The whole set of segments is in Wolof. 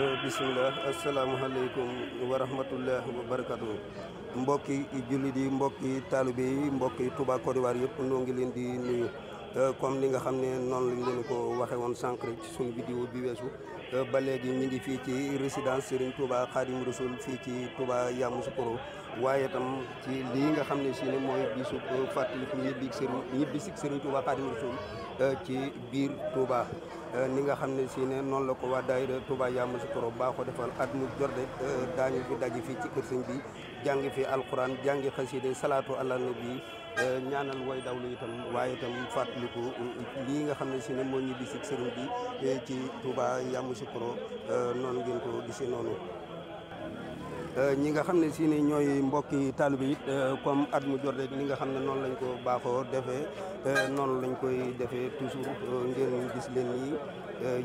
bisimilah asalaamaaleykum wa rahmatullah wa barakatuh mbokki jullit yi mbokki taalibe yi mbokki Touba Côte d'Ivoire yëpp noo ngi leen di nuyu euh, comme ni nga xam ne noonu lañ leen ko waxe woon sànq rek ci suñu vidéo bi weesu euh, ba léegi ñu ngi fii ci résidence Serigne Touba Khadim Rasoul fii ci Touba poro waaye tam ci lii nga xam ne si ne mooy bisu euh, fàttaliku ñibbi Serigne ñibbi si Serigne Touba Khadim Rasoul ci biir Touba Euh, ni nga xam ne si ne noonu la ko waa daayira Touba Yaa Mousou Kouro baaxoo defal at mu jor de euh, daañu fi daje fii ci kër sëñ bi jàngi fi alquran jàngi xaside salaatu ala nabi euh, ñaanal way dawlu itam waaye itam fàttaliku lii nga xam ne si ne moo ñu di si sëriñ bi ci Touba Yaa si Kouro noonu ngeen ko gisee noonu. Euh, ñi nga xam ne si ni ñooy mbokki taalibe it euh, comme at mu jot rek nga xam ne noonu lañ ko baaxoo defee euh, noonu lañ koy defee toujours ngir gis leen yi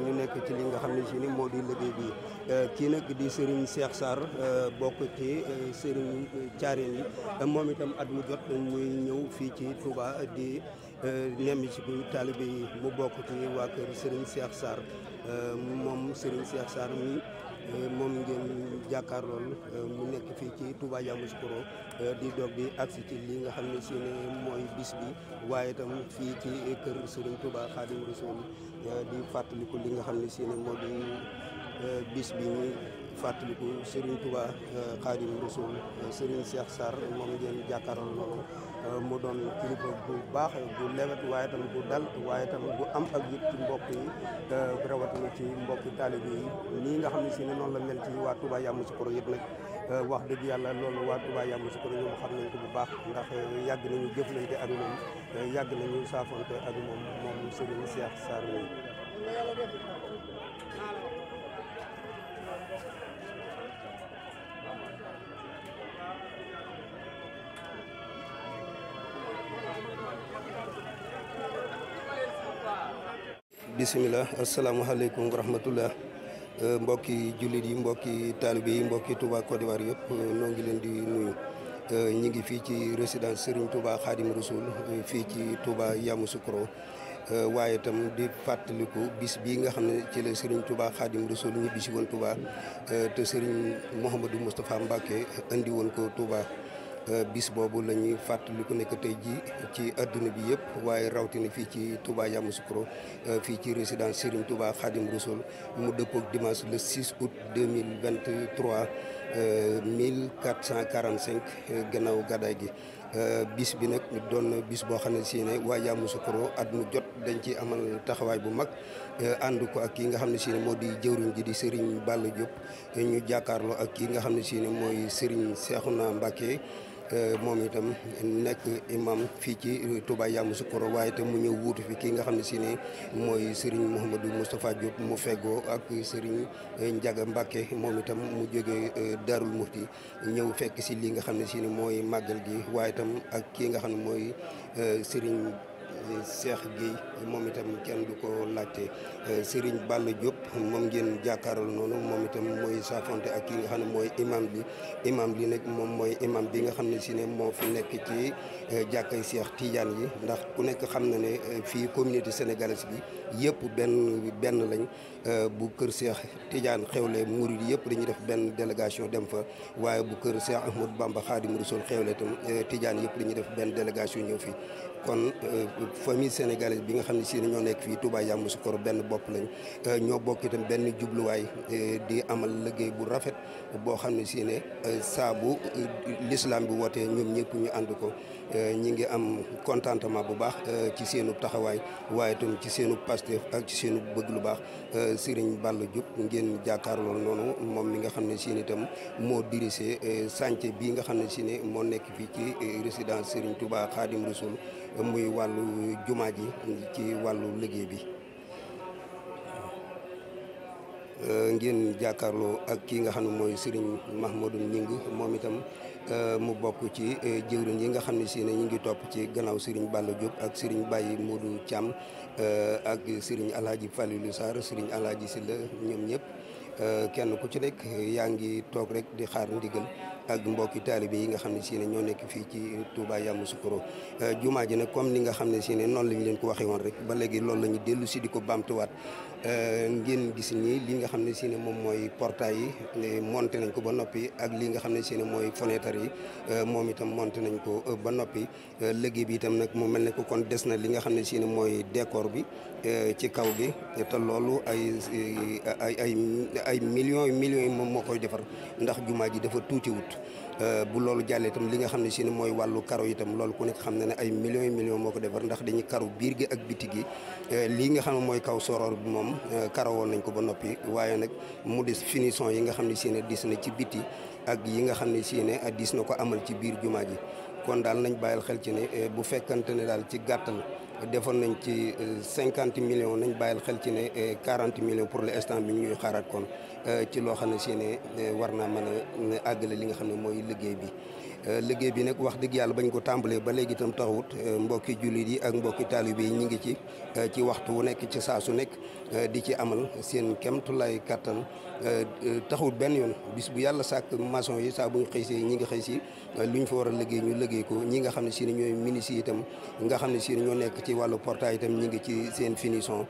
ñu nekk ci li nga xam ne si ni moo di liggéey bi kii nag di Serigne Cheikh Sarr bokk ci Serigne Thiarène yi moom itam at mu jot muy ñëw fii ci Touba di nemmi ci taalibe yi mu bokk ci waa kër Serigne Cheikh Sarr moom Serigne Cheikh saar mii Euh, moom ngeen jàkkaar lool euh, mu nekk fii ci tubaa Touba Yamoussoukro euh, di doog di agsi ci li nga xam ne si ne mooy bis bi waaye tam fii ci kër Serigne Touba Khadim Rasoul di fàttaliku li nga xam ne si ne moo di bis bi ñu fàttaliku Serigne Touba Khadim Rasoul Serigne Cheikh Sarr moom ngeen jàkkaarloo loolu Euh, mu doon kilifa bu baax bu lewet waaye tam bu dal waaye tam bu am ak yëpp ci mbokk yi euh, rawatina ci mbokki taalibe yi nii nga xam ne si ne noonu la mel ci waa Touba Yamoussoukro yëpp nag euh, wax dëgg yàlla loolu waa Touba Yamoussoukro ñoom xam nañ ko bu baax ndax yàgg nañu jëflante ak moom yàgg nañu saafonte ak moom moom Serigne Cheikh Sarr bisimilah asalaamaaleykum wa rahmatullah euh, mbokki jullit yi mbokki taalibe yi mbokki Touba Côte d'Ivoire yëpp ñoo euh, ngi leen di nuyu euh, ñi ngi fii ci résidence Serigne Touba Khadim Rasoul fii ci Touba Yamoussoukro waaye tam di fàttaliku bis bii nga xam ne ci la Serigne Touba Khadim Rasoul ñibbi si woon Touba te Serigne Mouhamadou Moustapha Mbacké andi woon ko Touba. Euh, bis boobu la ñuy fàttali ku nekk tey jii ci adduna bi yëpp waaye rawatina fii ci Touba Yamoussoukro euh, fii ci résidence Serigne Touba Khadim Rassoul mu dëppook dimanche le 6 août 2023 1445 euh, gannaaw gàddaay gi bis bi nag doon na bis boo xam ne si ne waa Yamoussoukro at mu jot dañ ci amal taxawaay bu mag ànd ko ak ki nga xam ne si ne moo di jëwriñ ji di Serigne Balla Diop ñu jàkkaarloo ak ki nga xam ne si ne mooy Serigne Cheikhouna Mbacké Euh, moom itam nekk imam fii ci tubaay Touba Yamoussoukro waaye itam mu ñëw wuutu fi kii nga xam ne si ne mooy Serigne Mouhamadou Moustapha Diop mu fegoo ak sëriñ Ndiaga Mbacke moom itam mu jógee euh, Darou Mouhty ñëw fekk si lii nga xam ne si mooy màggal gi waaye itam ak kii nga xam ne mooy euh, Serigne. Cheikh Guèye moom itam kenn du ko laajte eh, Serigne Balla Diop moom ngeen jàkkaaral noonu moom itam mooy saafonte ak ki nga xam ne mooy imam bi imam bi nag moom mooy imam bi nga xam ne si ne moo fu nekk ci eh, jàkkay Cheikh Tidiane yi ndax ku nekk xam ne ne eh, fii communauté sénégalaise bi yëpp benn benn lañ bu kër Cheikh Tidiane xewle murid yëpp dañuy def benn délégation dem fa waaye bu kër seex Cheikh Ahmadou Bamba Khadim Rassoul xewle tam Tidiane yëpp dañuy def benn délégation ñëw fii kon euh, famille sénégalaise bi nga xam ne si ñoo nekk fii Touba Yamoussoukro benn bopp lañ euh, ñoo bokk itam benn jubluwaay euh, di amal liggéey bu rafet boo xam ne si ne saa bu bi wootee ñoom ñëpp ñu ànd ko Euh, ñi ngi am contentement bu baax euh, ci seenu taxawaay waaye tam ci seenu Pastef ak ci seenu bëgg lu baax euh, Serigne Balla Diop ngeen jàkkarloo noonu moom mi nga xam ne si ne itam moo dirigé chantier bii nga xam ne si ne moo nekk fii ci résidence Serigne Touba Khadim Rassoul muy wàllu jumaa ji ci wàllu liggéey bi. ngeen jàkkaarloo ak kii nga xam ne mooy Serigne Mahmoudou Ñing moom itam. Euh, mu bokk ci euh, jëwriñ yi nga xam ne si ne ñu ngi topp ci gannaaw Serigne Balla Diop ak Serigne Baye Modou Thiam euh, ak Serigne El Hadj Falilou Sarr Serigne El Hadj Sylla ñoom ñëpp kenn ku ci rek yaa ngi toog rek di xaar ndigal. ak mbokki taalibe yi nga xam ne si ne ñoo nekk fii ci Touba Yamoussoukro euh, jumaa ji nag comme ni nga xam ne si noonu lañ leen ko waxee woon rek ba léegi loolu la ñu dellu si di ko bamtuwaat euh, ngeen gis nii li nga xam ne si moom mooy portail yi monté nañ ko ba noppi ak li nga xam ne si mooy fenêtre yi euh, moom itam monté nañ ko ba noppi léegi bi itam nag moom mel ne ko kon des na li nga xam ne siine mooy décor bi ci kaw gi te loolu ay ay ay ay millions millions yi moom moo koy defar ndax jumaa ji dafa tuutiwut Euh, bu loolu jàllee itam li nga xam ne si ne mooy wàllu karo itam loolu ku nekk xam na ne ay millions yi millions moo ko defar ndax dañuy karu biir gi ak biti gi euh, lii nga xam ne mooy kaw soroor bi moom euh, karo woon nañ ko ba noppi waaye nag mu des finition yi nga xam ne si ne dis na ci biti ak yi nga xam ne si ne diis na ko amal ci biir jumaa ji kon daal nañ bàyyil xel ci ne bu fekkante ne daal ci gàttal defoon nañ ci euh, cinquante millions nañ bàyyil xel ci ne e quarante millions pour l'instant bi ñuy xaaraat kon euh, ci loo xam ne si ne war naa mën àggale li nga xam ne mooy liggéey bi. liggéey bi nag wax dëgg yàlla bañ ko tàmbalee ba léegi itam taxawut mbokki jullit yi ak mbokki taalibe yi ñu ngi ci ci waxtu wu nekk ci saa su nekk. Euh, di ci amal seen kemtulaay kàttan euh, euh, taxul benn yoon bis bu yàlla sàkk maçon yi saa bu xëy si ñi nga xëy si lu ñu fa war ñu liggéey ñi nga xam ne si ñooy menuisier itam nga ne si ñoo nekk ci wàllu portail itam ñi ngi ci seen finition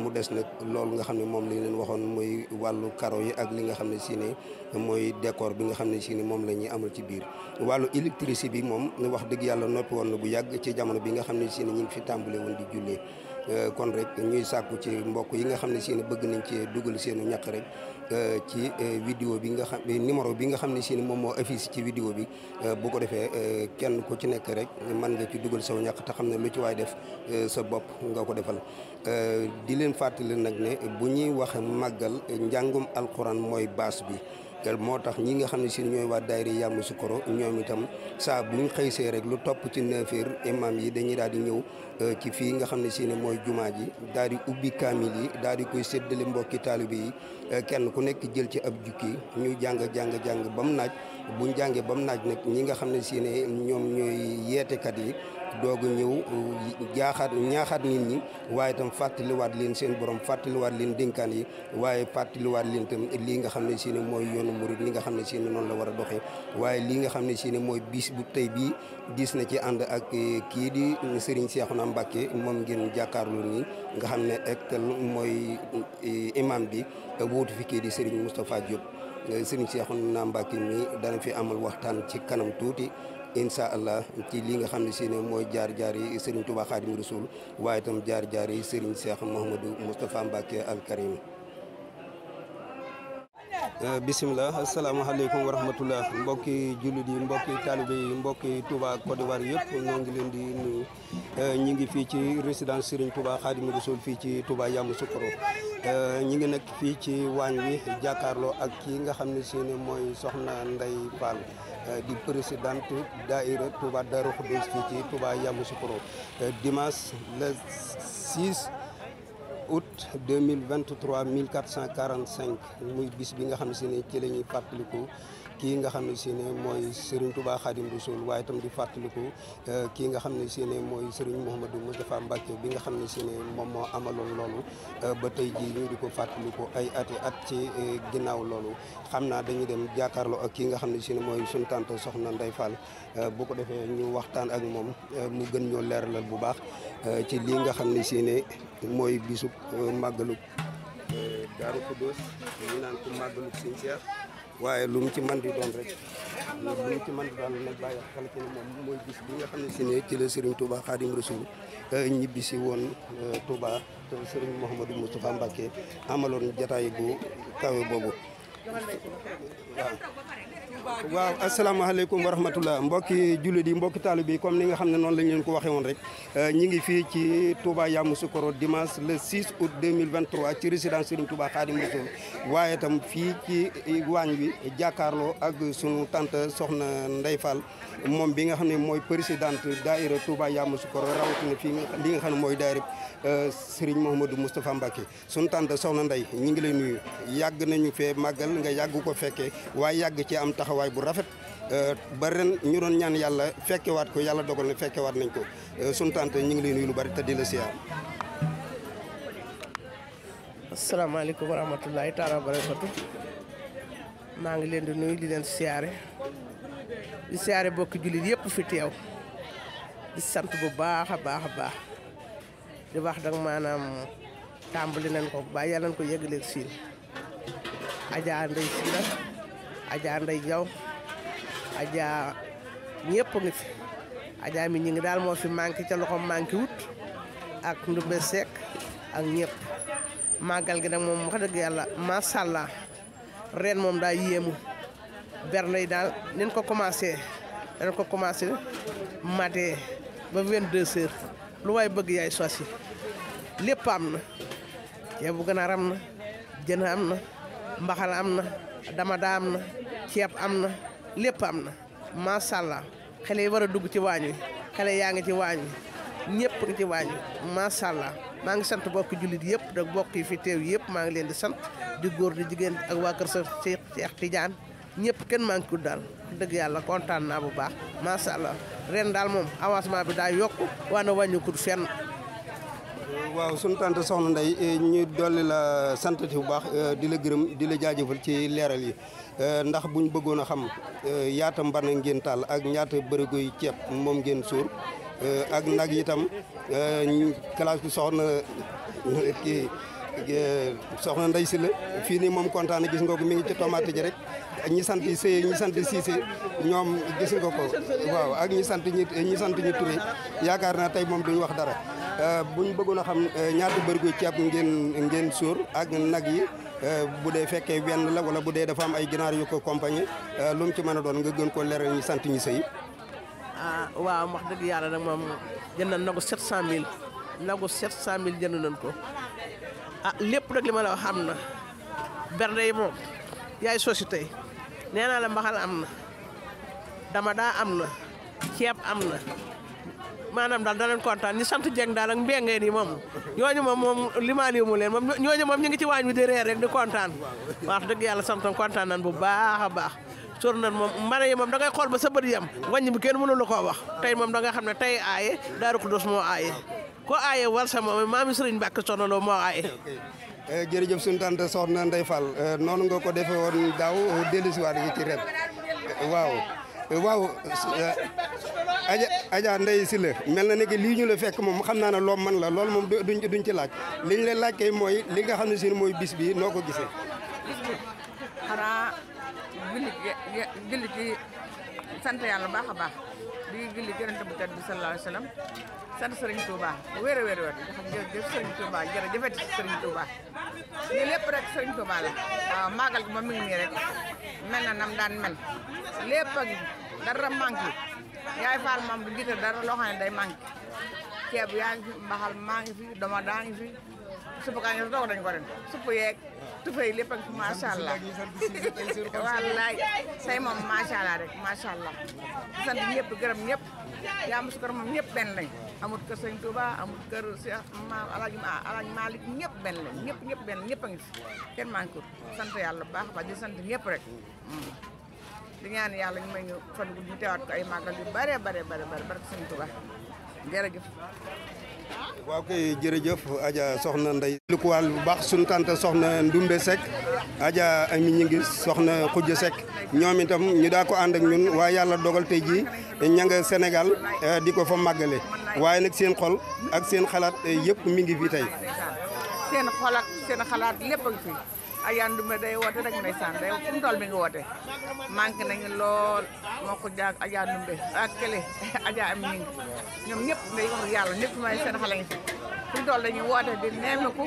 mu des nag loolu nga xam ne moom lañ leen waxoon mooy wàllu karo yi ak li nga xam ne si ne mooy décor bi nga xam ne si ne moom la ñuy amal ci biir wàllu électricité bi moom wax dëgg yàlla noppi woon na bu yàgg ci jamono bi nga xam ne si ne ñi ngi fi tàmbale woon di jullee Euh, kon rek ñuy sàkku ci mbokk yi nga xam ne si bëgg nañ ci dugal seenu ñaq rek euh, ci euh, vidéo bi nga xam numéro bi nga xam ne si moom moo affiche ci vidéo bi bu ko defee kenn ku ci nekk rek man nga ci dugal saw ñaq te xam ne lu ci waay def sa bopp nga ko defal di leen fàttali nag ne bu ñuy wax màggal njàngum alxuraan mooy baas bi moo tax ñi nga xam ne si ñooy waa daayira Yamoussoukro ñoom itam saa bu ñu see rek lu topp ci neefir imam yi dañuy daal di ñëw euh, ci fii nga xam ne si ne mooy jumaa ji daal di ubbi kaamil yi daal di koy séddale mbokki taalibe yi euh, kenn ku nekk jël ci ab jukki ñu jàng jàng jàng ba mu naaj bu jàngee ba mu naaj nag ñi nga xam ne si ne ñoom ñooy kat yi doogu ñëw jaaxaat ñaaxaat nit ñi waaye itam fàttaliwaat leen seen borom fàttaliwaat leen dénkaan yi waaye fàttaliwaat leen tam lii nga xam ne si ne mooy yoonu murid li nga xam ne si ne noonu la war a doxee waaye lii nga xam ne siin mooy biis bu tey bii gis na ci ànd ak eh, kii di Serigne Cheikhouna Mbacké moom ngeen jàkkaarloo nii nga xam ne ektal mooy eh, imam bi wóotu fi kii di Serigne Moustapha Diop eh, Serigne Cheikhouna Mbacké mi dana fi amal waxtaan ci kanam tuuti incha allah ci li nga xam ne si mooy jaar jaar yi Serigne Touba Khadim Rasoul waaye itam jaar jaar yi Serigne Cheikh Mouhamadou Moustapha Mbacké al Karim Euh, bisimilah asalaamaaleykum wa rahmatullah mbokki jullit yi mbokki taalibe yi mbokki Touba Côte d'Ivoire yëpp ñoo ngi leen di nuyu euh, ñu ngi fii ci résidence Serigne Touba Xaadimu Rasuul fii ci Touba Yamoussoukro euh, ñi ngi nag fii ci waañ wi jàkkaarloo ak ki nga xam ni si mooy Soxna Ndey Fall di présidente daaira Touba Darou Khoudoss fii ci Touba Yamoussoukro dimanche le 6 août deux mille vingt trois mille quatre cent quarante cinq muy bis bi nga xam ne ci la ñuy fàttaliku kii nga xam ne si ne mooy Serigne Touba bu Rassoul waaye tam di fàttaliku euh, kii nga xam ne si ne mooy Serigne Mouhamadou Moustapha Mbacké bi nga xam ne si ne moom moo amaloon loolu euh, ba tey jii ñu di ko fàttaliku ay ati at ci euh, ginnaaw loolu xam naa dañuy dem jàkkaarloo ak kii nga xam ne si mooy suñu tante Soxna Ndeye Fall bu ko defee ñu waxtaan ak moom mu gën ñoo leeralal bu baax ci lii nga xam ne si mooy bisub euh, màggalu euh, Daaru Xuddoos ñu naan ko màggalu Sëñ Seex waaye lu mu ci man di doon rek lu mu ci man di doon nag bàyyi xel ci ne moom mooy bis bi nga xam ne si ne ci la Serigne Touba Khadim Rasoul euh, ñibbi si woon Touba te Serigne Mouhamadou Moustapha Mbacké amaloon jataay bu kawe boobu waaw waaw asalaamaaleykum wa rahmatullah mbokki jullit yi mbokki taalib yi comme ni nga xam ne noonu lañ leen ko waxee woon rek euh, ñi ngi fii ci Touba Yamoussoukro dimanche le 6 août 2023 ci résidence Serigne Touba Khadim Rassoul waaye tam fii ci waañ wi jàkkaarloo ak sunu tante Soxna Ndeye Fall moom bi nga xam ne mooy présidente yaa Touba Yamoussoukro rawatina fii li nga xam ne mooy daaira euh, Serigne Mouhamadou Moustapha Mbacké sunu tante Soxna nday ñi ngi lay nuyu yàgg nañu fee màggal nga yàgg ko fekkee waaye yàgg ci am tax waay bu rafet euh, bari ren ñu doon ñaan yàlla fekkewaat ko yàlla dogal na fekkewaat nañ ko euh, sunu tante ñu ngi lay nuyu lu bari te di la siyaar. asalaamaaleykum wa rahmatulahi taala wa maa ngi leen di nuyu di leen siyaare di siyaare bokki jullit yëpp fi teew di sant bu baax a baax a baax di wax dang maanaam tàmbali nañ ko ba yàlla nañ ko yëgaleeg siin Adja Ndeye Sylla Adja Ndeye Diaw Adja ñëpp ngi fi ajaa mi ñu ngi daal moo fi manqué ca loxoom manqué wut ak Ndoumbé Seck ak ñëpp màggal gi nag moom wax dëgg yàlla macha allah ren moom daal yéemu berne daal nañ ko commencé dañ ko commencé matin ba 22h lu waay bëgg yaay sosi lépp am na ceebu ganaar am na jën am na mbaxal am na. dama daa am na ceeb am na lépp am na macha allah xale yi war a dugg ci waañ xele yaa ngi ci waañ wi ñëpp ngi ci waañ wi macha allah maa ngi sant bokk jullit yëpp da bokk yi fi teew yëpp maa ngi leen di sant di góor di jigéen ak waa kër sa Cheikh Cheikh Tidiane ñëpp kenn maa ngi ko dal dëgg yàlla kontaan naa bu baax macha allah ren daal moom avancement bi daa yokk waana wàññi ko fenn. waaw suñu tante soxna nday eh, ñu dolli la sant bu baax eh, di la gërëm di la jaajëfal ci leeral yi eh, ndax buñ bëggoon a xam yaata mban ngeen taal ak ñaata bërëgoy ceeb moom ngeen suur ak nag itam classe bi soxna kii soxna Ndeye Sylla fii nii moom kontaan gis nga ko mi ngi ci tomate ji rek ñi sant Seye ñi sant Cissé ñoom gis nga ko waaw ak ñi sant ñi ñi sant ñi yaakaar naa tey moom duñ wax dara Euh, bu ñu bëggoon a xam euh, ñaata bërigo ceeb ngeen ngeen suur ak nag yi euh, bu dee fekkee wenn la wala bu dee dafa am ay ginaar yu ko compagnie lu ci mën a doon nga gën ko leeral ñu sant ñi sëy ah waaw wax dëgg yàlla nag moom jënd nañ nagu 700000 nagu 700000 jënd nañ ko ah lépp nag li ma la wax am na bernde yi moom yaay société nee naa la mbaxal am na dama daa am na ceeb am na maanaam daal da leen kontaan ñi sant Dieng daal ak mbéngeen yi moom ñooñu moom moom li maa limu leen moom ñooñu moom ñu ngi ci waañ wi di reer rek di kontaan wax dëgg yàlla santam kontaan nan bu baax a baax sur nan moom mbana yi moom da ngay xool ba sa bët yam wàññi bi kenn mënu la koo wax tey moom da nga xam ne tey aaye Daaru Xudoos moo aaye ko aaye war sa moom maami Sëriñ Mbàkke Soxna Lo moo aaye eh, jërëjëf suñu tante Soxna Ndey fal eh, noonu nga ko defee woon daaw eh, dellusiwaat gi ci ren waaw waaw aja aja ndey si la mel na ne que lii ñu la fekk moom xam naa ne loo man la lool moom duñ duñ ci laaj liñ la laaj kay mooy li nga xam ne si mooy bis bi noo ko gisee xanaa julli julli ci sant yàlla baax a baax di julli gërënte bu tedd bi sallallahu alayhi wa sallam sant Serigne Touba wéer a wéer a wéer di xam jërëjëf Serigne Touba jërëjëfati Serigne Touba lii lépp rek Serigne Touba la waaw màggal gi moom mi ngi nii rek mel na nam daan mel lépp ak dara manki yaay faal mam du gis dara loo xam ne day manki ceeb yaa ngi fi fi doma daa ngi fi supp kaa ngi dañ ko ren tufay ak allah wallaay say moom allah rek macha allah sant ñëpp gërëm ñëpp yaa mos kër moom ñëpp benn lañ amul kër sëñ Touba amul kër Cheikh Maam Alaaji Alaaji Malick ñëpp benn lañ ñëpp ñëpp benn ñëpp ngi ko sant baax di sant rek mm. di ñaan yàlla ñu may ñu fan bu ñu teewaat ko ay màggal yu bare bare bare bare barke Sëñ Tuubaa jërëjëf waaw kay jërëjëf Adja soxna Ndeye lukuwaal bu baax suñu tante soxna Ndumbe Seck Adja Ami ñi ngi soxna Xujja Seck ñoom itam ñu daa ko ànd ak ñun waaye yàlla dogal tey jii ña nga Sénégal eh, di ko fa màggale waaye nag seen xol ak seen xalaat eh, yëpp mi ngi fi tey seen xol ak seen xalaat lépp a ngi fi Ayane Dumé day woote rek ndeysaan day fu mu toll mi ngi woote manqué nañu lool moo ko jaag Ayane Dumé ak Kële Adja am ñi ñoom ñëpp day wax yàlla ñëpp may seen xale fi fu mu toll dañuy woote di nemmiku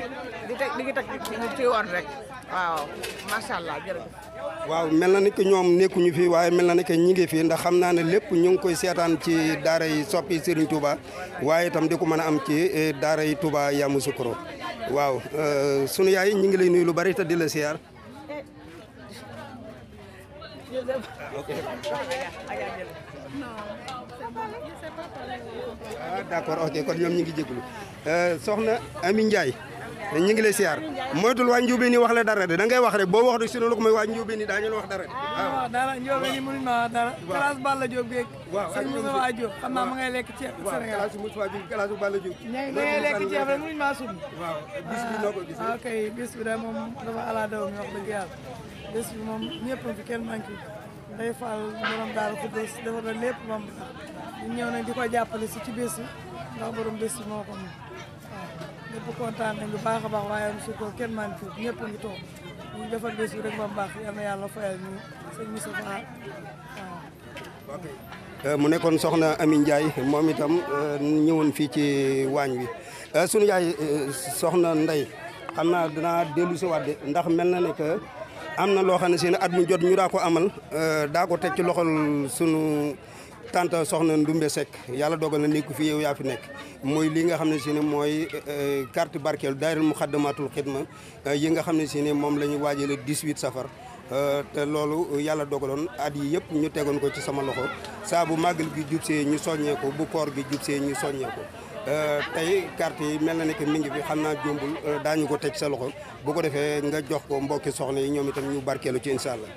di teg di ngi teg ñu rek waaw macha allah jërëjëf. waaw mel na ni que ñoom nekkuñu fi waaye mel na ni que ñi ngi fi ndax xam naa ne lépp ñu ngi koy seetaan ci daara yi soppi Serigne Touba waaye itam di ko mën a am ci eh, daara yi Touba Yamoussoukro waaw euh, sunu yaay ñu ngi lay nuyu lu bari te di la siyaar. ah d'accord ok kon ñoom ñu ngi jégalu euh, soxna Ami Ndiaye. ñu ngi lay siyaar moytul waa Njuubeen yi wax la dara de ngay wax rek boo wax rek sinon lu ko may waa Njuubeen yi daañu la wax dara de. Ah, waaw dara Njuubeen ma wax dara. waaw classe Balla Diop geeg. xam naa ma ngay lekk ceeb Sénégal. waaw classe Moussa Diop classe Balla Diop. ña ngay lekk ceeb rek mënuñu maa sum. waaw bis bi noo ko gisee. ah kay bis bi de moom ñëpp fi kenn manqué day faal borom daal ku des defar na lépp moom ñëw nañ di ko jàppale si ci bis bi ndax borom bis bi moo ñëpp yàlla euh, mu nekkoon soxna Ami Ndiaye moom itam euh, ñëwoon fii ci waañ wi euh, sunu yaay soxna Ndey xam naa dinaa dellu si waat de ndax mel na ne que am na loo xam ne si at mu jot ñu daa ko amal daa ko teg ci loxol sunu. tante soxna Ndumbe Seck yàlla dogal na nekku fi yow yaa fi nekk mooy lii nga xam ne si ne mooy euh, euh, carte barkeelu daayira Muxaddamatul Xidma euh, yi nga xam ne si ne moom la ñu waajee le 18 safar te loolu yàlla dogaloon at yi yëpp ñu tegoon ko ci sama loxo saa bu màggal gi jubsee ñu soññee ko bu koor gi jubsee ñu soññee ko tey carte yi mel na ne que mi ngi fi xam naa jombul ñu ko teg sa loxo bu ko defee nga jox ko mbokki soxna yi ñoom itam ñu barkeelu ci incha allah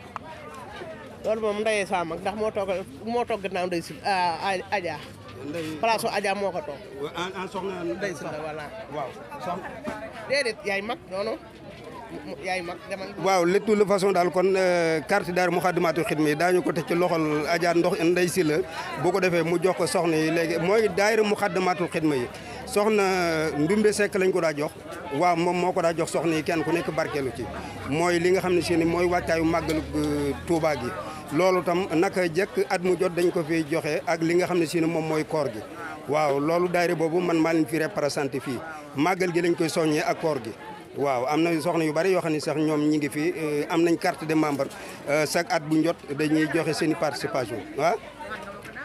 loolu moom ndeyee saa mag ndax moo toog moo toog gannaaw ndey si ah, Adja. ndey place su moo ko toog. en en ah, ah, soxna ndey si la voilà. waaw soxna. mag noonu yaay mag waaw de toute daal kon euh, carte daara Moukhaddamatoul Khidma yi daañu ko teg ci loxol Adja ndox ndey si la bu ko defee mu jox ko soxna yi léegi mooy mu Moukhaddamatoul Khidma yi. soxna euh, Ndumbe sekk lañ ko daa jox waaw moom moo ko daa jox soxna yi kenn ku nekk barkeelu ci mooy li nga xam ne si mooy wàccaayu màggalu euh, Touba yi loolu tam naka jekk at mu jot dañ ko fi joxe ak li nga xam ne si ne moom mooy koor gi waaw loolu daayira boobu man maa leen fi représenté fii màggal gi lañ koy soññee ak koor gi waaw am na soxna yu bari yoo xam ne sax ñoom ñi ngi fi euh, am nañ carte de membre euh, chaque at bu njot dañuy joxe seen i participation waaw ah.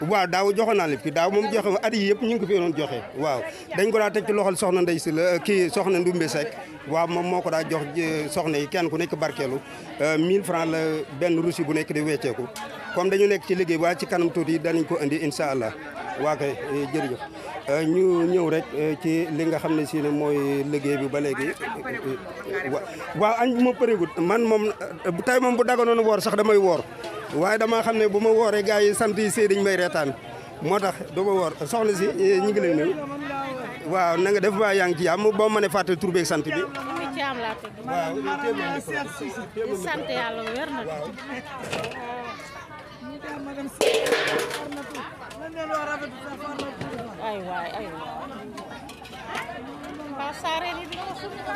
waaw daaw joxo naa lépp ki daaw moom joxe at yi yëpp ñu ngi ko fi doon joxe waaw dañ ko daa teg ci loxol soxna Ndey si la euh, kii soxna Ndumbe Seck waaw moom moo ko daa jox euh, soxna yi kenn ku nekk barkeelu 1000 euh, francs la benn russi bu nekk di wecceeku comme dañu nekk ci liggéey waa ci kanam tuuti danañ ko indi incha allah waa kay jërëjëf ñu ñëw rek ci li nga xam ne si ne mooy liggéey bi ba léegi waaw añ moo pareegut man moom tey moom bu daganoon woor sax damay woor waaye dama xam ne bu ma wooree gars yi sant yi sëriñ may reetaan moo tax du ma woor soxna si eh, ñu ngi lay nuyu waaw na def ba yaa ngi ci yàmm boo mënee fàttali tur beeg sant bi. caam laa tudd na ay ay waay waaw saare ni di ko suñu ko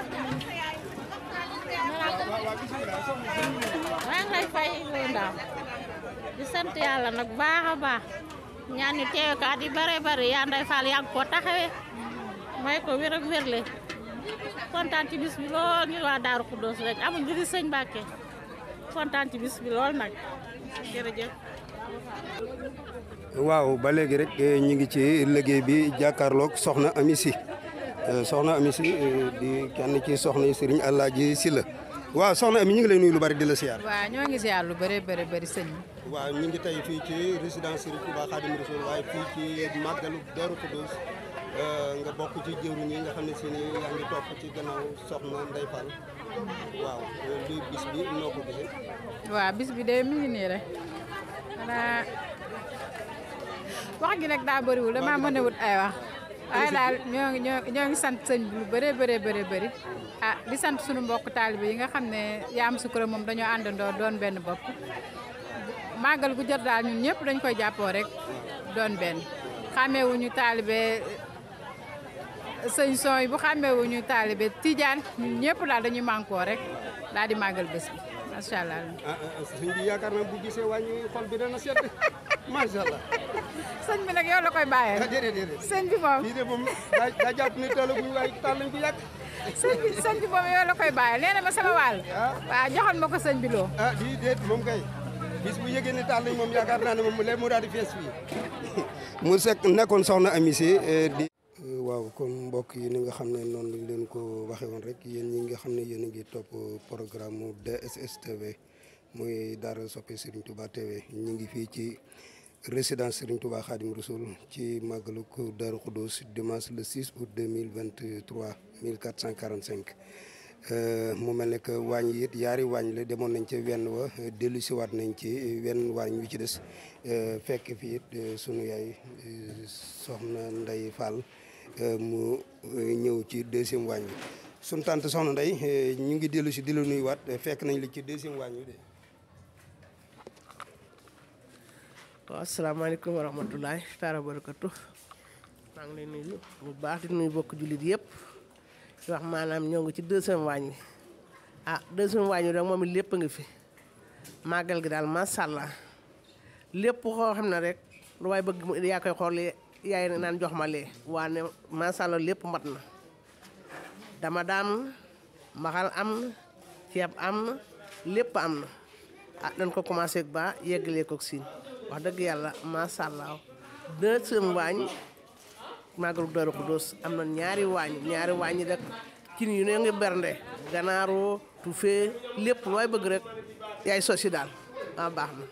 di yàlla nag baax ñaan ñu teewe ko yi bare bare yaa nday faal yàgg ko taxawee may ko wér ak wérle ci bis lool ñu waa Daaru Xuddoos rek amul lu di sëñ Mbàkke kontaan ci bis lool nag jërëjëf waaw ba léegi rek eh, ñu ngi ci liggéey bi jàkkaarloog soxna amisi Si eh, soxna Ami Si eh, di kenn ci soxna Sëriñ Alaaji Si la waaw soxna Amy ñu ngi lay nuyu lu bari di la siyaar. waaw ñoo ngi siyaar lu bëree bëri bari sëñ bi. waaw ñu ngi tey fii ci résidence Serigne Touba Khadim Rasoul waaye fii ci màggalu Daaru Xudoos euh, nga bokk ci jëwriñ yi nga xam ne si ni yaa ngi topp ci gannaaw soxna Ndeye Fall waaw lii bis bi noo ko gisee. waaw bis bi de mi ngi nii rek wax gi nag daa bëriwul damaa mën a wut ay wax. waaye ah, daal ñoo ngi ñoo ngi sant sañ bu lu bëree bëree bëri bëri ah di sant suñu mbokk taalibe yi nga xam ne Yamoussoukro moom dañoo àndandoo doon benn bopp màggal gu jot daal ñun ñëpp dañ koy jàppoo rek doon benn ñu taalibe sëñ son yi bu ñu taalibe tijaan ñun ñëpp daal dañuy mànkoo rek daal di màggal bés bi macha allah. ah ah, ah naa bu gisee wàññi xol bi dana sedd. macha allah. sëñ bi nag yow la koy bàyyee. ah bi moom. daa jàpp ni teel a guñ waaye taal nañ bi sëñ bi moom yow la koy bàyyee nee na ma sama wàll. Ah. ko sëñ bi loo. ah di moom kay bis bu yëgee ne taal moom yaakaar naa moom mu eh, euh, waaw kon mbokk yi ni nga xam ne noonu lañ leen ko waxee woon rek yéen ñi nga xam ne yéen a ngi topp programme DSS TV muy Daara Sope Serigne Touba TV ñu ngi fii ci. résidence Serigne Touba Khadim Rasoul ci màggalug Darou Khoudoss dimanche le 6 août 2023 1445 euh, mu mel ne que waañ yi yaari waañ la demoon nañ ca wenn wa dellu siwaat nañ ci wenn waañ wi ci des euh, fekk fi it euh, sunu yaay soxna Ndey Fall mu ñëw ci deuxième waañ wi sunu tante soxna Ndey ñu ngi dellu si di la waat fekk nañ li ci deuxième waañ wi de Assalamualaikum warahmatullahi rahmatullahi taala barakatu maa ngi lay nuyu bu baax di nuyu bokk jullit yëpp di wax maanaam ñoo ngi ci deuxième waañ bi ah deuxième waañ bi nag moom it lépp a ngi fi màggal gi daal macha lépp koo xam ne rek lu waay bëgg yaa koy xool yaay naan jox ma lee waa ne macha lépp mat na dama daan maxal am ceeb am lépp am na ah dañ ko commencé ba yeggalee ko siin wax dëgg yàlla macha allah deuxième waañ Magalu Daaru Xudoos am na ñaari waañ ñaari waañ yi cin yu ne ngi bernde ganaaroo tufe lépp looy bëgg rek yaay sosi daal a ah, baax na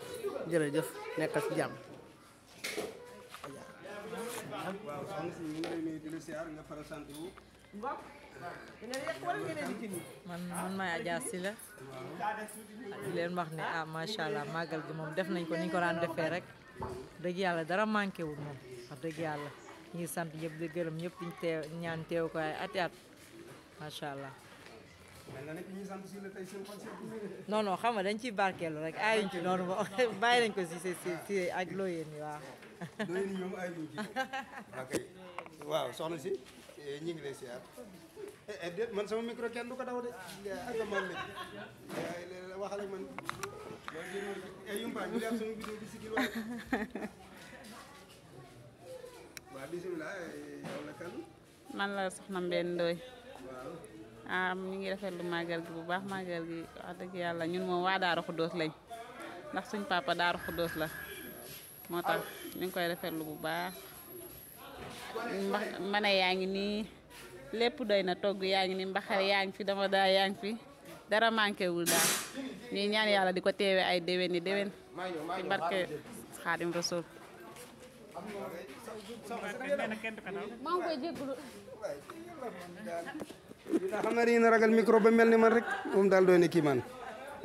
jërëjëf nekkal ci jàmm. si ñu man man maay Adja Sylla di leen wax ne ah macha allah màggal gi moom def nañ ko ni ñu ko daan defee rek dëgg yàlla dara manqué wul moom wax dëgg yàlla ñu ngi sant ñëpp di gërëm ñëpp di teew ñaan teew ko ay ati at macha allah. non non xam nga dañ ciy barkeelu rek aayuñ ci noonu ba bàyyi nañ ko si si si ak loo yéen yi si eh, edit eh, eh, man sama micro kenn du ko daw ada ak man nit waxal ak man ay yumpa ñu langsung suñu bisa bi sikil wax wa ya yow kan man la soxna mbenn doy waaw am ñu ngi rafetlu magal gi bu baax magal gi wax dëgg yàlla ñun moom waa daaru xuddoos lañ ndax suñ papa daaru xuddoos la moo tax ñu ngi koy rafetlu bu baax mane yaa ngi lépp doy na togg yaa ngi ni mbaxal yaa ngi fi dama daa yaa ngi fi dara manqué wul daal ñuy ñaan yàlla di ko teewe ay déwén ni déwén ci barke Xaadim ragal micro ba mel ni man rek moom daal doy na man.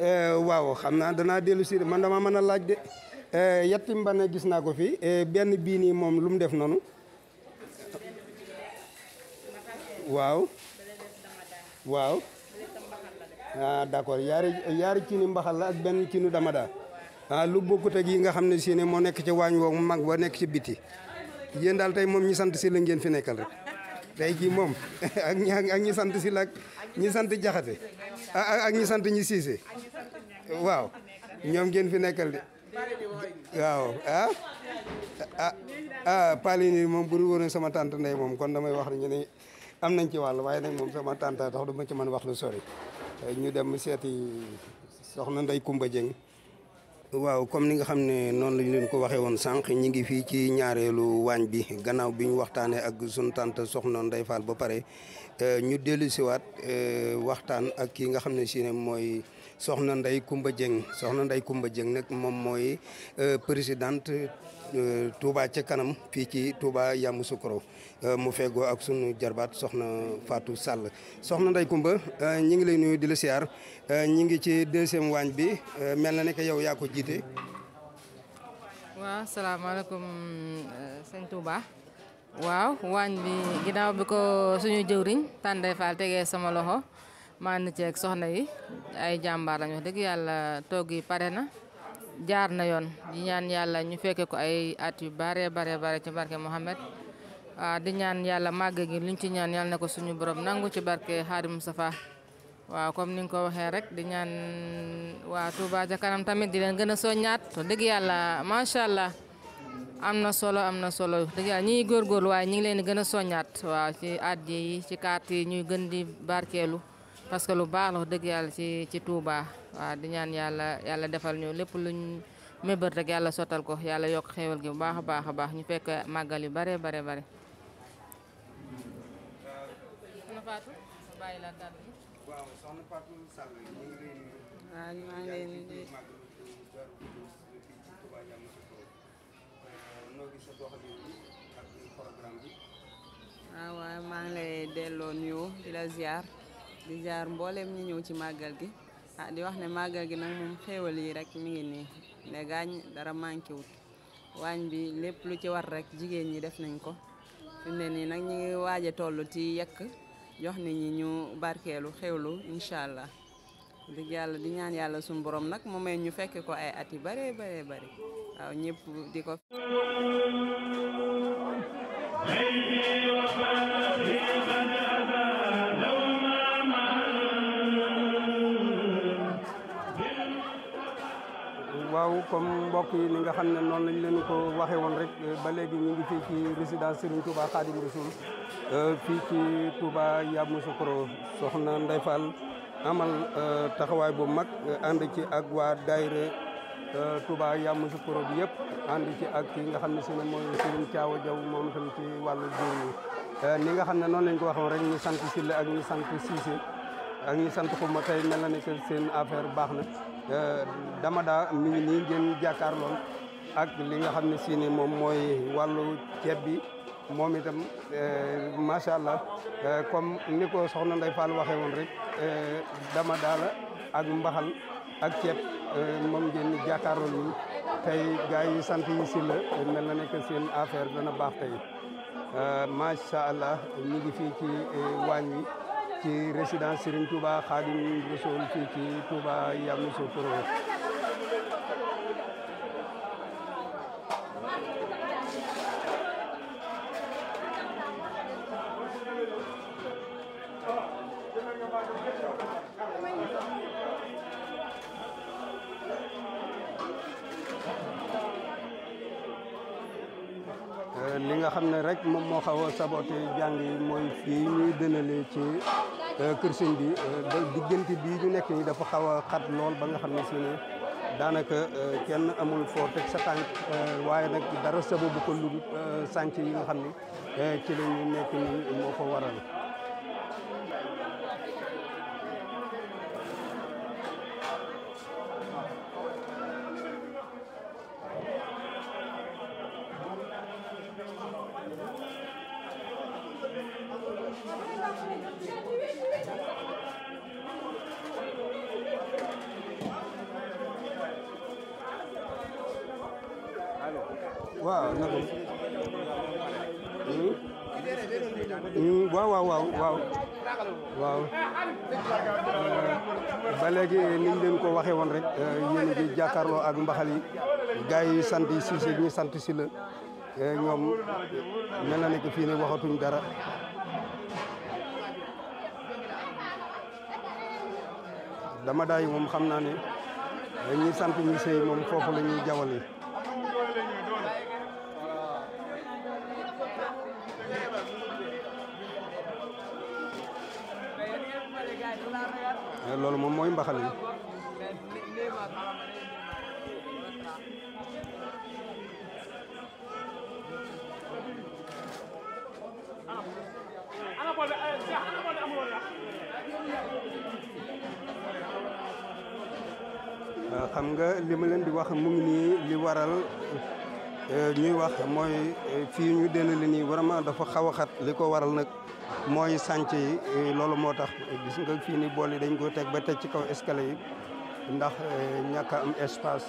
Eh, waaw xam naa danaa dellu si man dama mën a laaj de. Eh, yatti mbane gis naa ko fi eh, benn bii nii moom lu mu def noonu. Wow, wow, ah d'accord yari ci ni mbaxal la ak nu dama damada ah lu bokkut ak yi nga xamne ci ne mo nek ci wañ wo mag ba nek ci biti yeen dal tay mom ñi sante ci la ngeen fi nekkal rek tay gi mom ak ñi ak ñi sante ci la ñi sante jaxate ak ñi sante ah, ñi siise waaw ñom ngeen fi nekkal de waaw ah ah ah mom moom bu dul woon sama tante ndey mom kon damay wax ni ne am nañ ci wàll waaye nag moom sama tànta tax du ma ci mën wax lu sori ñu dem seeti soxna nday Kumba Jeng waaw comme ni nga xam ne noonu lañ leen ko waxee woon sànq ñi ngi fii ci ñaareelu waañ bi gannaaw bi ñu waxtaanee ak sunu tante soxna Ndeye Fall ba pare e, ñu dellu siwaat e, waxtaan ak ki nga xam ne si ne mooy soxna nday Kumba Dieng soxna nday Kumba Dieng nag moom mooy e, présidente Euh, Touba ca kanam fii ci Touba Yamoussoukro euh, mu feggoo ak sunu jarbaat soxna Fatou sàll soxna Ndeye Kumba euh, ñi ngi lay nuyu di la siyaar ñi ngi ci deuxième waañ bi mel na ne que yow yaa ko jiite. waaw salaamaaleykum sëñ Touba. waaw waañ bi ginnaaw bi ko suñu jëwriñ Tànday tegee sama loxo maa ngi ceeg soxna yi ay jàmbaar lañu wax yàlla togg yi pare na. jaar na yoon di ñaan yàlla ñu fekke ko ay at yu bare bare bare ci barke Mohamed waaw ah, di ñaan yàlla màgg gi luñ ci ñaan yàlla na ko suñu borom nangu ci barke Xaadim Safa waaw comme ni nga ko waxee rek di ñaan waatu Touba ca kanam tamit di leen gën a soññaat dëgg yàlla macha allah am na solo am na solo dëgg yàlla ñi góorgóorlu waaye ñu ngi leen di gën a soññaat waaw ci at yi ci carte yi ñuy gën di barkeelu. parce que lu baax la wax dëgg yàlla ci ci Touba waaw di ñaan yàlla yàlla defal ñu lépp luñ mébër rek yàlla sotal ko yàlla yokk xéewal gi bu baax a baax a baax ñu fekk màggal yu bare bare bare waaw soxna Fatou Sall ñu ngi lay euh, maa ngi lay delloo di la ziar. di jaar mbooleem ñi ñëw ci màggal gi ah, di wax ne màggal gi nag moom xéewal yi rek mi ngi nii ne gaañ dara manqué wut waañ bi lépp lu ci war rek jigéen ñi def nañ ko fi mu ne nii nag ñu ngi waaj a toll ci yekk yox nit ñi ñu barkeelu xéewlu incha allah dëgg yàlla di ñaan yàlla suñ boroom nag mu may ñu fekke ko ay at yu bare bare bare waaw ñëpp di ko comme mbokk yi ni nga xam ne noonu lañu leen ko waxee woon rek ba léegi ñu ngi fii ci résidence Serigne Touba Khadim Rasoul euh, fii ci Touba Yamoussoukro soxna Ndeye Fall amal euh, taxawaay bu mag euh, ànd ci ak waa dayre daayira Touba Yamoussoukro bi yëpp and ci ak ki nga xam ne si mooy Serigne Thiaw Diaw moom tamit ci wàllu jiw yi ni nga xam ne noonu lañ ko waxoon rek ñu sant Sylla ak ñi sant Cissé ak ñi sant ko ma tey mel na ne seen affaire baax na Euh, Damada mi ngi nii ngeen jàkkaarloon ak li nga xam ne si moom mooy wàllu ceeb bi moom itam euh, macha allah euh, comme ni ko soxna Ndeye Fall waxee woon rek Damada la ak mbaxal ak ceeb moom ngeen jàkkaarloon nii tey gars yi sant yi si la mel na nekk seen affaire dana baax tey macha allah ñu ngi fii ci waañ wi. ci résidence Serigne Touba Khadim Rassoul fii ci Touba Yamoussoukro saboté jàng yi mooy fii ñuy dënalee ci euh, kër sëñ bi euh, bii ñu nekk nii dafa xaw a xat lool ba nga xam ne si ne daanaka euh, kenn amul foo teg sa tànk waaye nag dara sababu ko lu sànc yi nga xam ne ci la ñu nekk nii moo ko waral waaw na ko hmm? hmm, waaw waaw waaw waaw waaw euh, ba léegi leen ko waxee woon rek euh, yéen di jàkkaarloo ak mbaxal yi gars yi sant yi Cissé sant si la euh, ñoom mel na ne fii ne waxatuñ dara dama daay moom xam naa ne ñi sant ñi sëy moom foofu la ñuy Euh, xam nga li ma leen di wax mu nii li waral euh, ñuy wax mooy euh, fii ñu dënn li nii vraiment dafa xaw a xat li ko waral nag mooy sànc yi loolu moo tax gis nga fii ni bool yi dañ ko teg ba teg ci kaw escalier yi ndax ñàkk am espace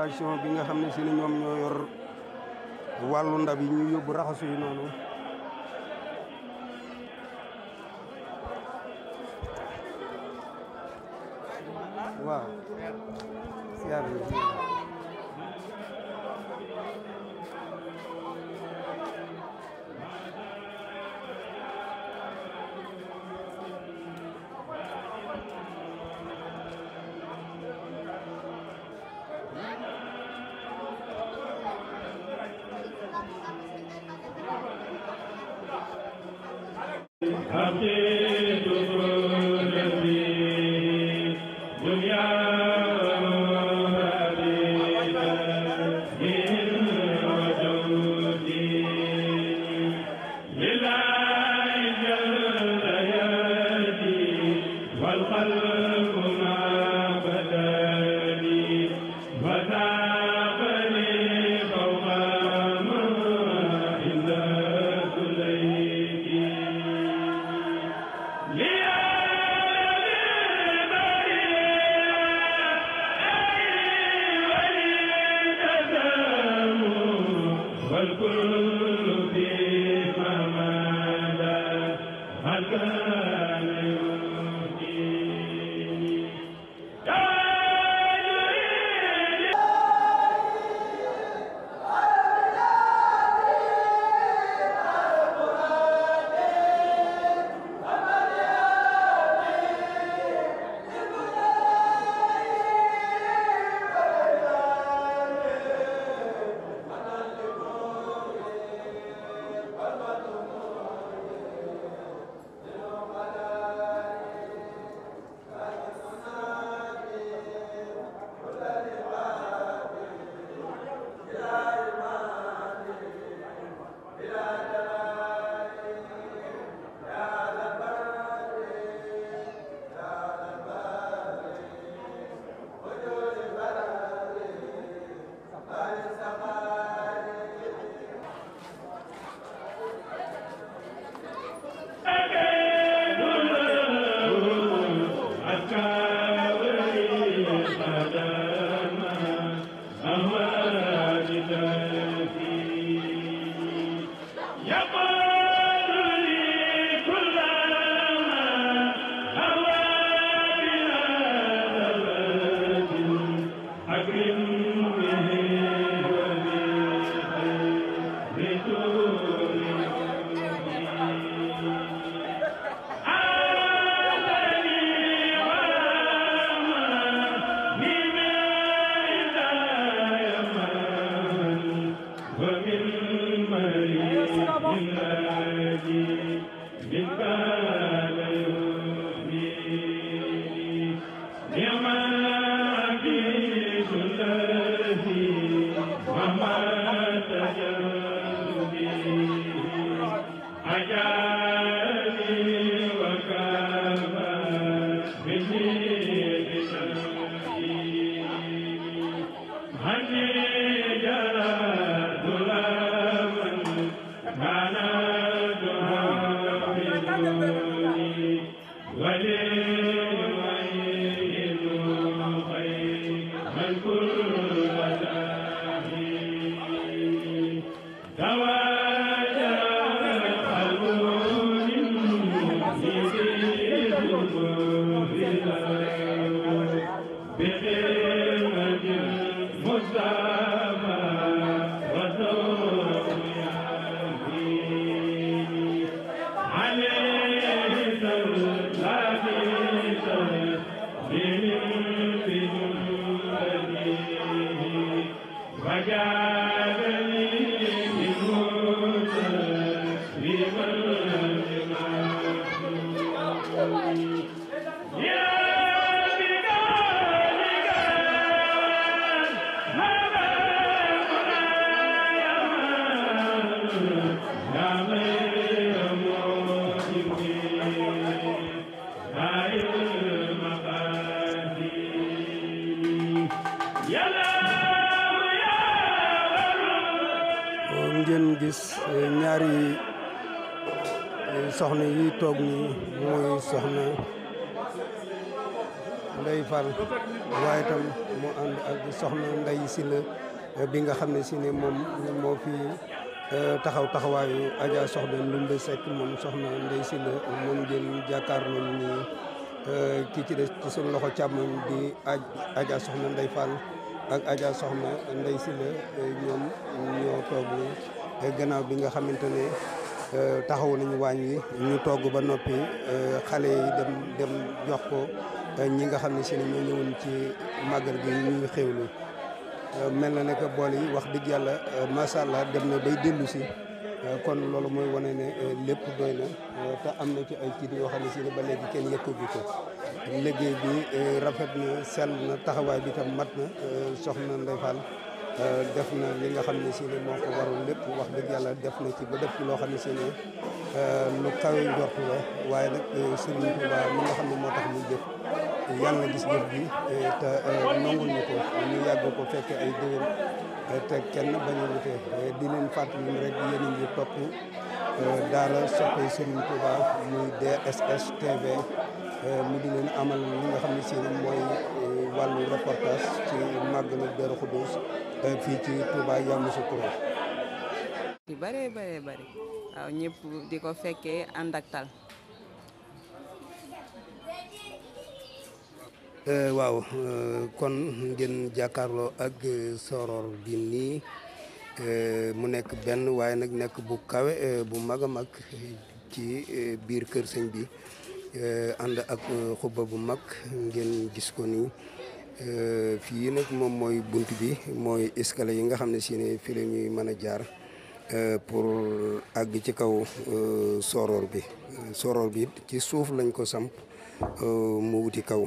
fédération bi nga xam ne si ne ñoom ñoo yor wàllu ndab yi ñuy yóbbu raxasu yi noonu हसे Ndeye Fall waaye tam mu ànd ak soxna Ndeye Sylla eh, bi nga xam ne si ne moom moo fi eh, taxaw taxawaayu Adja Soxna Ndumbe Seck moom soxna Ndeye Sylla moom ngeen jàkkaarloo ni eh, kii ci des ci loxo càmmoñ di Adja Soxna Ndeye Fall ak Adja Soxna Ndeye Sylla ñoom ñoo toog ni gannaaw bi nga xamante ne taxaw nañu waañ wi ñu togg ba noppi xale yi dem dem jox ko ñi nga xam ne si mu ñoo ci màggal gi ñuy xéwlu euh, mel na ne que bool yi wax dëgg yàlla euh, macha allah dem na bay dellu si euh, kon loolu mooy wane ne lépp doy na te am na ci ay kit yoo xam ne si ba léegi kenn yëkkagu ko liggéey bi rafet na sell taxawaay bi tam mat na soxna Ndeye Fall def na li nga xam ne si ne moo ko waroon lépp wax dëgg yàlla def na ci ba def ci loo xam ne si ne lu kawe njort la waaye nag Serigne Touba mi nga xam ne moo tax muy jëf yàlla na gis jëf bi eh, te eh, nangul ñu ko ñu yàgg ko fekkee ay déwén eh, te kenn bañ a wute di leen fàttali rek yéen a ngi topp daara soppe Serigne Touba mu di leen amal li nga xam ne si mooy wàllu reportage ci màggalu Daaru Xudoos fii ci Touba Yamoussoukro yu bëree bëree bare waaw ñëpp di ko fekkee ànd Eh, waaw eh, kon ngeen jàkkaarloo ak soror bi nii eh, mu nekk benn waaye nag nekk bu kawe bu mag a mag ci biir kër sëñ bi ànd ak xubba bu mag ngeen gis ko nii fii nag moom mooy bunt bi mooy escalier yi nga xam ne si ne fi la ñuy mën a jaar pour àgg ci kaw soror bi soror bi ci suuf lañ ko samp Euh, mu wuti kaw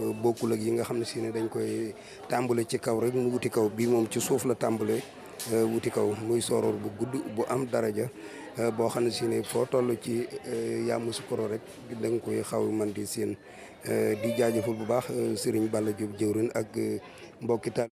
euh, bokkul ak yi nga xam ne si ne dañ koy tàmbale ci kaw rek mu wuti kaw bii moom ci suuf la tàmbale euh, wuti kaw muy soroor bu gudd bu am daraja boo xam ne si foo toll ci Yamoussoukro rek da koy xaw man di seen di jaajëfal bu baax Serigne Balla Diop jëwrin ak mbokki